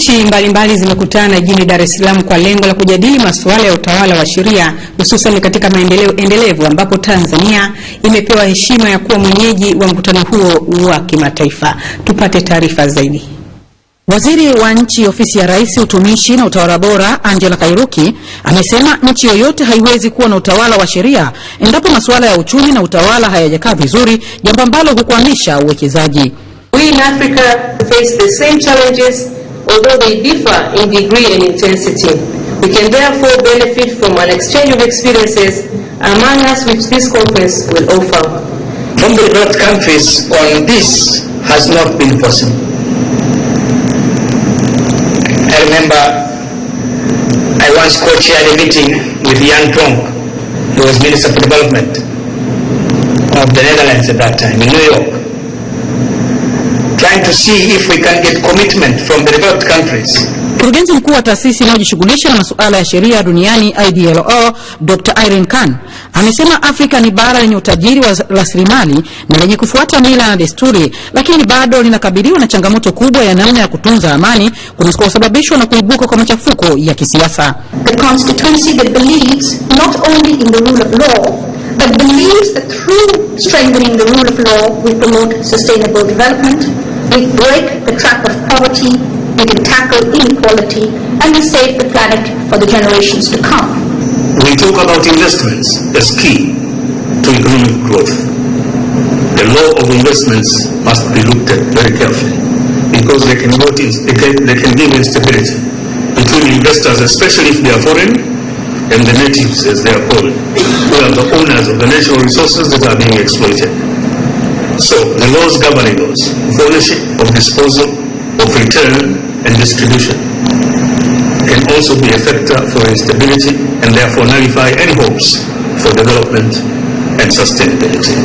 Nchi mbalimbali zimekutana jijini Dar es Salaam kwa lengo la kujadili masuala ya utawala wa sheria hususan katika maendeleo endelevu ambapo Tanzania imepewa heshima ya kuwa mwenyeji wa mkutano huo wa kimataifa. Tupate taarifa zaidi. Waziri wa Nchi, Ofisi ya Rais, Utumishi na Utawala Bora, Angela Kairuki amesema nchi yoyote haiwezi kuwa na utawala wa sheria endapo masuala ya uchumi na utawala hayajakaa vizuri, jambo ambalo hukwamisha uwekezaji. We in Africa face the same challenges although they differ in degree and intensity. We can therefore benefit from an exchange of experiences among us which this conference will offer. In developed countries, on this has not been possible. I remember I once co-chaired a meeting with Jan Tronk, who was Minister for Development of the Netherlands at that time, in New York. trying to see if we can get commitment from the developed countries. Mkurugenzi mkuu wa taasisi inayojishughulisha na masuala ya sheria duniani IDLO, Dr. Irene Khan, amesema Afrika ni bara lenye utajiri wa rasilimali na lenye kufuata mila na desturi, lakini bado linakabiliwa na changamoto kubwa ya namna ya kutunza amani kunakosababishwa na kuibuka kwa machafuko ya kisiasa. The constituency that believes not only in the rule of law but believes that through strengthening the rule of law we promote sustainable development We break the trap of poverty, we can tackle inequality, and we save the planet for the generations to come. We talk about investments as key to green growth. The law of investments must be looked at very carefully because they can, vote in, they can, they can give instability between investors, especially if they are foreign, and the natives, as they are called, who are the owners of the natural resources that are being exploited. So the laws governing those ownership, of disposal, of return and distribution can also be a factor for instability and therefore nullify any hopes for development and sustainability.